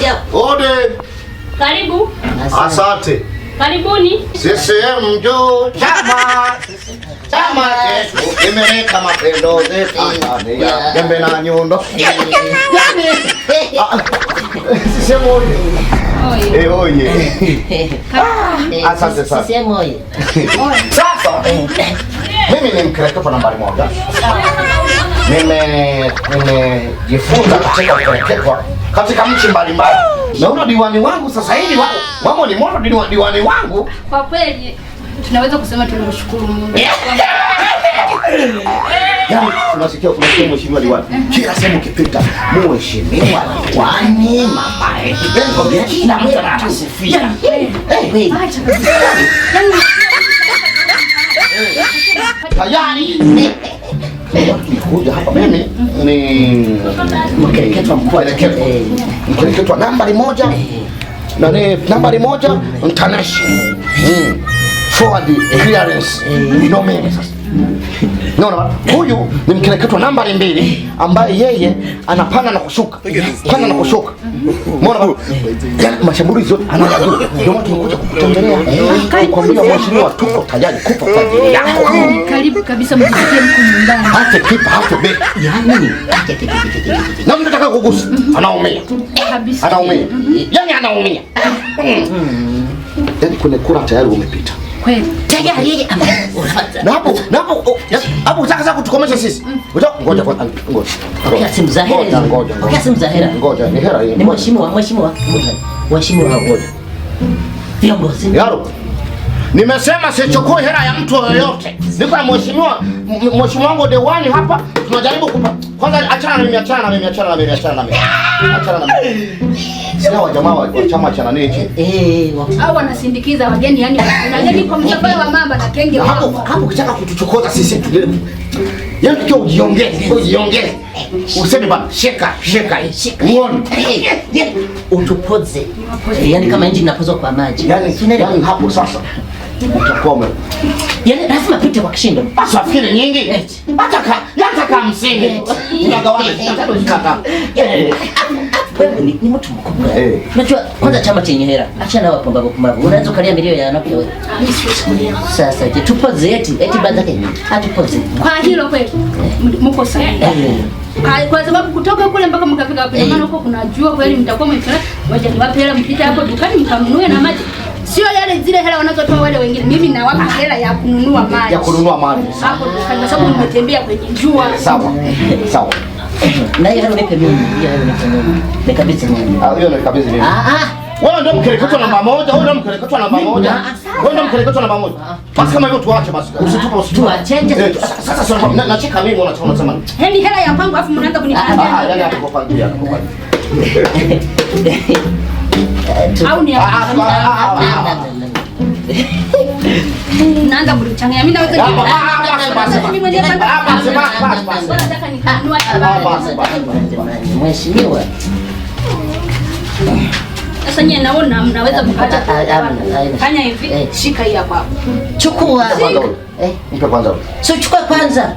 moja. Ode. Karibu. Asante. Karibuni. CCM njoo chama. Chama chetu kimeleta mapendo zetu Tanzania. Jembe na nyundo. CCM yaani. oye. Oye. Eh, oye. Ah, asante sana. CCM oye. Sasa. Mimi ni mkereka kwa nambari moja. Mimi nimejifunza kwa kwa katika nchi mbalimbali. Naona diwani wangu sasa hivi wamo ni moto diwani wangu. Kwa kweli tunaweza kusema tunamshukuru Mungu. Yaani, unasikia, unasikia mheshimiwa diwani, kila sehemu ukipita, mheshimiwa diwani anatusifia. Yaani, yaani, eh, eh. Tayari eh. Leo hapa mimi ni mkereketwa mkuu mkereketwa nambari moja na ni nambari moja international hmm. clearance ndio mimi sasa. Naona huyu ni mkereketwa nambari mbili ambaye yeye anapanda na kushuka, panda na eh. kushuka Mbona yani yote anayajua. Ndio maana tumekuja kukutembelea. Ah, kwa mheshimiwa tuko tayari kufa kwa ajili yako. Ah, karibu kabisa mjisikie mko nyumbani. kipa hapo be. Yaani na mtu kugusa anaumia. Anaumia. Mhm. Yaani anaumia. Mm. Mm. Yaani kuna kura tayari umepita. Kweli. Tega hapo, unataka oh, sasa kutukomesha sisi. Mm. Ngoja kwanza, ngoja. simu za hera. simu za Ngoja, ni hii. Ni mheshimiwa, mheshimiwa. Mheshimiwa, ngoja. Viongozi. Yaro. Nimesema sichukui hela ya mtu yoyote. Niko na mheshimiwa, mheshimiwa wangu diwani hapa tunajaribu kupa. Kwanza achana na mimi, achana na mimi, achana na mimi, achana na mimi. Achana na mimi. Sio jamaa wa chama cha nani hichi? Eh, hao eh, eh, wanasindikiza wageni yani wageni kwa msafara wa mama na kenge wao. Hapo hapo kitaka kutuchokota sisi tu. Yaani tukio ujiongee, ujiongee. Eh, Useme bana sheka, sheka hii. Uone. Utupoze. Yaani kama injini inapozwa kwa maji. Yaani, yaani hapo sasa. Utakoma. Yaani lazima pite kwa kishindo. Basi afikiri nyingi. Hata ka, hata ka msingi. Tunagawana, tunataka wewe ni, ni mtu mkubwa. Eh. Unajua kwanza chama chenye hela. Acha na wapumbavu pumbavu. Unaanza kulia milio ya anapo wewe. Sasa je, tupoze eti eti baada yake. Atupoze. Kwa hilo kweli. Eh. Mko sahihi. Eh. Kwa sababu kutoka kule mpaka mkafika kwa maana huko kunajua kweli mtakuwa mmefikia. Wacha niwape hela mpita hapo dukani mkanunue na maji. Sio yale zile hela wanazotoa wale wengine. Mimi nawapa hela ya kununua maji. Ya kununua maji. Hapo kwa sababu nimetembea kwenye jua. Sawa. Sawa. Na hiyo nipe mimi. Hiyo nipe mimi. Nikabidhi mimi. Ah, hiyo nikabidhi mimi. Ah ah. Wewe ndio mkeleketwa namba ah, ah. moja, wewe ndio mkeleketwa ah, namba moja. Wewe ndio mkeleketwa namba moja. Basi kama hivyo tuache basi. Usitupe usitupe. Tuache. Eh, sasa sasa nacheka mimi unachoona unasema. Hendi hela ya mpango afu mnaanza kunipangia. Ah, yani atakupangia. Ah, mheshimiwa, sasa nyie naona mnaweza ah, kupata ah, fanya hivi, eh. shika hii hapa. Chukua. Eh, nipe kwanza. Chukua kwanza.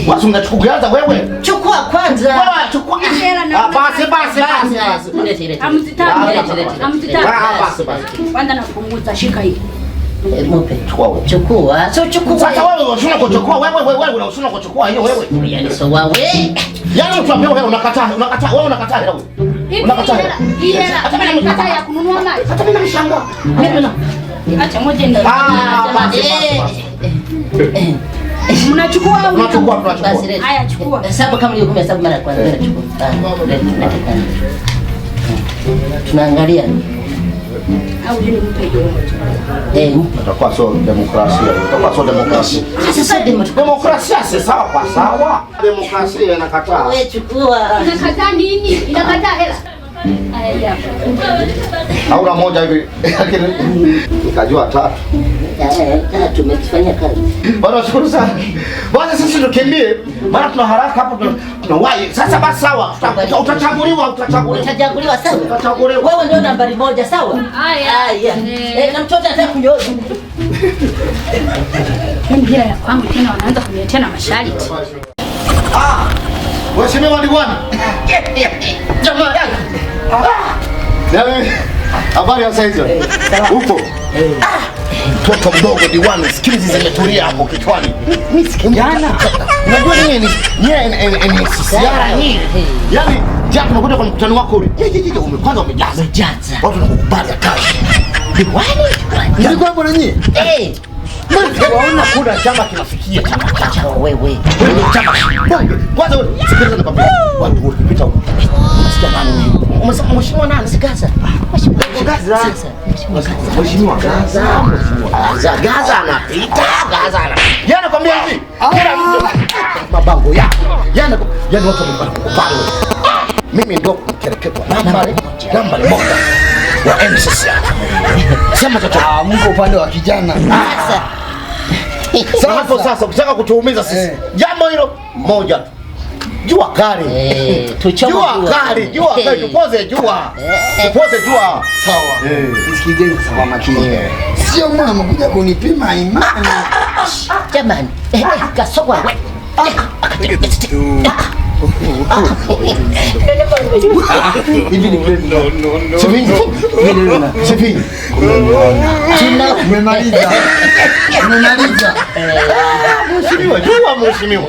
Basi unachukulianza wewe? Chukua kwanza. Wewe chukua. Ah, ah basi basi basi. Mlete ile. Amtitaki. basi. Ah, basi basi. Kwanza napunguza shika hii. Eh, Mpe. Chukua. Chukua. Sio chukua. Sasa wewe unashona kuchukua wewe wewe wewe unashona kuchukua hiyo wewe. Yaani so wewe. Yaani utuambie wewe unakataa unakataa wewe unakataa wewe. Unakataa. Ile hata mimi nakataa ya kununua mali. Hata mimi nishangaa. Mimi na. Acha moja ndio. Ah basi basi. Eh, eh, Mnachukua au mnachukua? Tunachukua. Haya, chukua. Hesabu kama hiyo, hesabu mara kwanza tunachukua. Ah, Tunaangalia. Au yule mpe hiyo. Eh, atakuwa sio demokrasia. Atakuwa sio demokrasia. Sasa demokrasia si sawa sawa. Demokrasia inakataa. Wewe chukua. Inakataa nini? Inakataa hela hauna moja hivi, nikajua tatu. Tumefanya kazi bwana, shukuru sana bwana. Sisi tukimbie, maana tuna haraka hapo, tunawahi sasa. Basi sawa, utachaguliwa, utachaguliwa sasa, utachaguliwa. Wewe ndio nambari moja, sawa. Haya, eh, na mtoto anataka kunyoza mbira ya kwangu tena, wanaanza kuniletea na masharti. Ah, mheshimiwa diwani Habari ya saizi? Eh, Upo? Eh. Mtoto mdogo diwani, skills zimetulia hapo kichwani. Mimi sikijana. Unajua nini? Ni ni ni Yaani, yaani Jack unakuja kwa mkutano wako ule. Je, je, umekwanza umejaza. Umejaza. Watu wanakubaza kazi. Diwani? Nilikuwa yaani, hapo na nyie? Eh. Waona kuna chama kinafikia chama chako wewe. Wewe chama. Kwanza wewe, sikiliza nakwambia. Watu wote Gaza. Mheshimiwa Gaza, Gaza Gaza anapita, Gaza anapita. anakuambia yaani hivi, ah. Kila mtu mabango yako. Yeye yaani yana watu wamekupanga. Ah. Mimi ndio nambari nambari moja wa MCC. Sema sasa ah, mko upande wa kijana. Sasa hapo sasa ukitaka kutuumiza sisi. Eh. Jambo hilo moja tu. Jua eh, kali. jua kali, jua kali, tupoze jua. Eh. Tupoze jua. Sawa. Nisikizeni eh. kwa makini. Sio mama kuja kunipima imani. Jamani, kasogwa wewe. Ah. Mheshimiwa,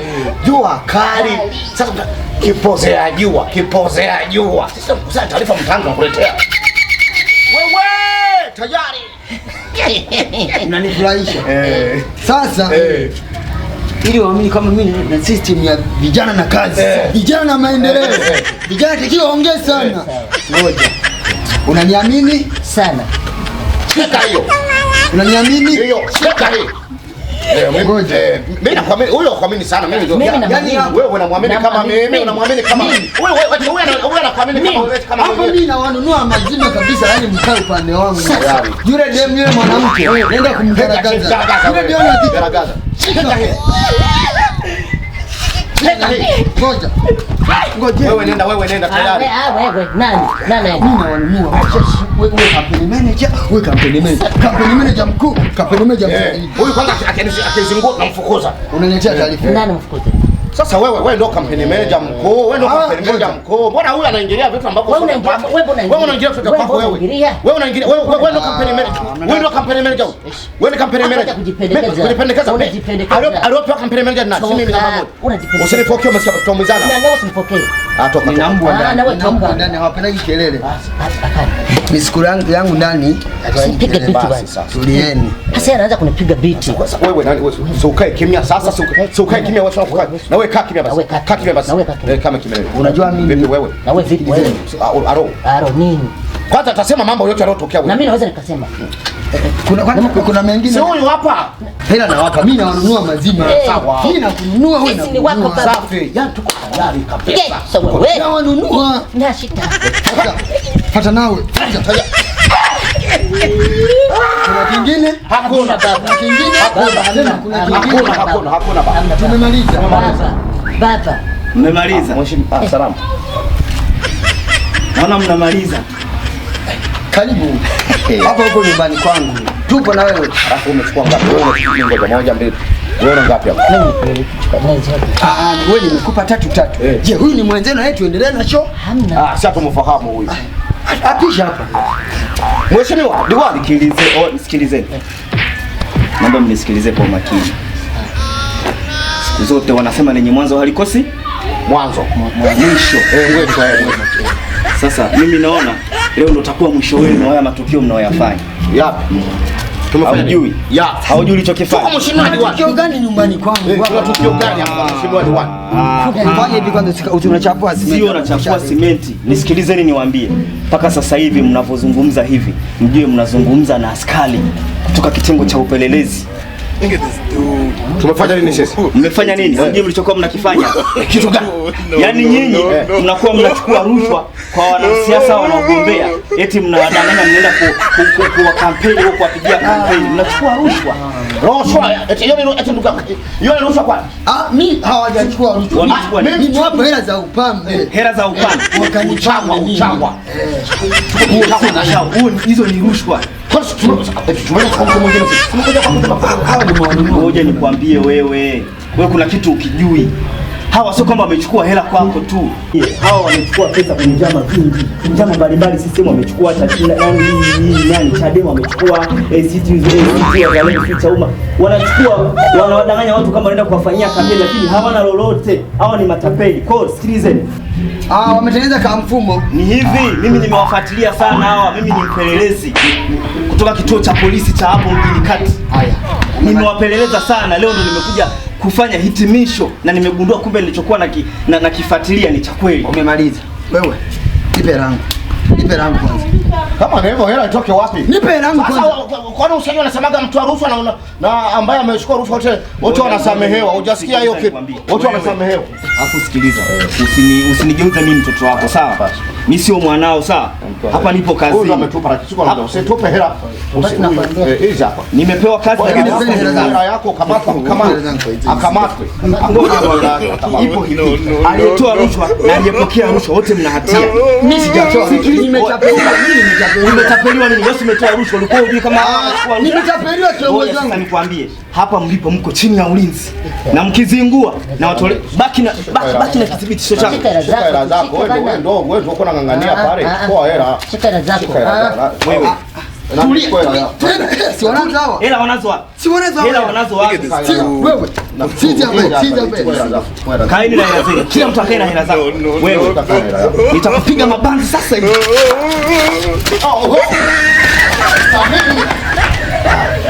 jua kali sasa, kipozea jua, kipozea jua. Sasa kusanya taarifa mtanga kuletea wewe tayari. Unanifurahisha sasa ili waamini kama mimi na system ya vijana na kazi, eh. vijana na maendeleo, eh, eh. vijana tikiwa ongee sana. Ngoja, unaniamini sana, shika hiyo, unaniamini hiyo, shika hiyo. Huyo sana mimi, wewe unamwamini kama mimi, unamwamini kama hapo. Mimi na wanunua mazima kabisa, yaani mkae upande wangu. Yule yule mwanamke, nenda kumgaragaza yule wewe nenda, wewe nenda ah, tayari. Ah, wewe nani? Nani? Mimi nawanunua. Wewe kampeni manager, wewe kampeni manager. Kampeni manager mkuu, kampeni manager eh, mkuu. Huyu kwanza akinizunguka namfukuza. Unaniletea taarifa. Nani mfukuza? Sasa wewe wewe ndio kampeni manager mkuu, wewe ndio kampeni ah, manager mkuu. Mbona huyu anaingilia vitu ambavyo wewe unaingilia? wewe unaingilia vitu vya kwako wewe. Wewe unaingilia wewe wewe ndio kampeni ah, manager. Ah, wewe ndio kampeni manager. Wewe ni kampeni manager. Kujipendekeza. Kujipendekeza. Aliopewa kampeni manager na mimi na mabodi. Unajipendekeza. Usinipokee umesikia mzana. Ni nani usinipokee. Ah, toka. Ni nambu ndani. Ah, na wewe toka. Ndani hawapendaji kelele. Basi, basi misiku yangu yangu nani? Sipige biti bwana. Tulieni. Sasa anaanza kunipiga biti. Sasa wewe nani wewe? So ukae kimya sasa, so ukae kimya watu wanakukaa. Na wewe kaa kimya basi. Kaa kimya basi. Wewe eh, Kama kimya. Unajua mimi. Vipi wewe? Na wewe vipi wewe? Ah, aro. Aro nini? Kwanza atasema mambo yote yanayotokea wewe. Na mimi naweza nikasema. Mm. Kuna kuna kuna mengine. Sio huyu hapa. Hela na wapa. Mimi nawanunua mazima. Eh. Sawa. Mimi nakununua wewe. Sisi ni wako baba. Safi. Yaani tuko tayari kabisa. Sawa wewe. Nawanunua. shita. Hata nawe kuna kingine hakuna, baba, kuna kingine hakuna, hakuna. baba. Tumemaliza baba, mmemaliza ah, mheshimiwa. Ah, salamu, naona mnamaliza. Karibu hapa, huko nyumbani kwangu, tupo na wewe. Alafu umechukua ngapi wewe? unachukua ngapi? Moja, mbili wewe ngapi hapo? Ah, ah, wewe nimekupa tatu tatu. Eh. Je, huyu ni mwenzenu? Tuendelee na show? Hamna. Ah, sasa tumefahamu huyu. Akija hapa. Mheshimiwa Diwani, sikilize, oh, nisikilizeni. Naomba mnisikilize kwa makini. Siku zote wanasema lenye mwanzo halikosi mwanzo mwisho. Eh, Sasa mimi naona leo ndo takuwa mwisho wenu haya matukio mnaoyafanya. Yapi? Haujui. Ya, ulichokifanya. Tuko tukio gani nyumbani kwangu? Eh, tukio gani hapa ah. ah. hivi kwanza unachafua simenti. Sio unachafua simenti. Nisikilizeni niwaambie. Mpaka sasa hivi mnavyozungumza hivi, mjue mnazungumza na askari kutoka kitengo cha upelelezi. Tumefanya nini sisi? Mmefanya nini? Eh. Sijui mlichokuwa mnakifanya. Kitu gani? Yaani nyinyi mnakuwa mnachukua rushwa kwa wanasiasa wanaogombea, eti mnawadanganya mnaenda kwa kampeni huko kupigia kampeni. Mnachukua rushwa. Ah. Oh, rushwa. Eti hiyo hiyo rushwa kwa? Ah, mimi hawajachukua rushwa. Mimi ni wapo hela za upambe. Eh, hela za upambe. Wakanichangwa, uchangwa. Eh. Hizo ni rushwa. Ngoja nikwambie wewe, wewe kuna kitu ukijui. Hawa sio kwamba wamechukua hela kwako tu, hawa wamechukua pesa kwenye vyama vingi, njama mbalimbali. Sisemu wamechukua nani, Chadema wamechukua, eh, eh, Chauma wanachukua, wanawadanganya watu kama wanaenda kuwafanyia kampeni, lakini hawana lolote. Hawa ni matapeli. Kwa sikilizeni, ah, wametengeneza kama mfumo. Ni hivi, mimi nimewafuatilia sana hawa, mimi ni mpelelezi kutoka kituo cha polisi cha hapo mjini kati. Haya, nimewapeleleza sana, leo ndo nimekuja kufanya hitimisho na nimegundua kumbe nilichokuwa na, ki, na, na kifuatilia ni cha kweli. Umemaliza wewe? Nipe rangu, nipe rangu kwanza. Kama ndio hivyo, hela itoke wapi? Nipe rangu kwanza. Sasa kwani ushaji unasemaga mtu arufa na, na ambaye amechukua rufa wote wote wanasamehewa. Hujasikia hiyo kitu? Wote wanasamehewa. Afu sikiliza, usini usinigeuze mimi mtoto wako, sawa? basi mimi sio mwanao saa Hapa nipo kazini. Nimepewa kazi aliyetoa rushwa na aliyepokea rushwa wote mna hatia. Mimi sijatoa nimetapeliwa nini? Wewe umetoa rushwa ulikuwa unajua kama ah, nimetapeliwa kiongozi wangu. Nikwambie hapa mlipo mko chini ya ulinzi na mkizingua na watole baki na baki na kithibitisho chako ng'ang'ania ah, ah, pale, chukua ah, hela. Chukua hela zako. Wewe. Hela zako Wewe. Nitakupiga mabanzi sasa hivi. Oh, oh, oh,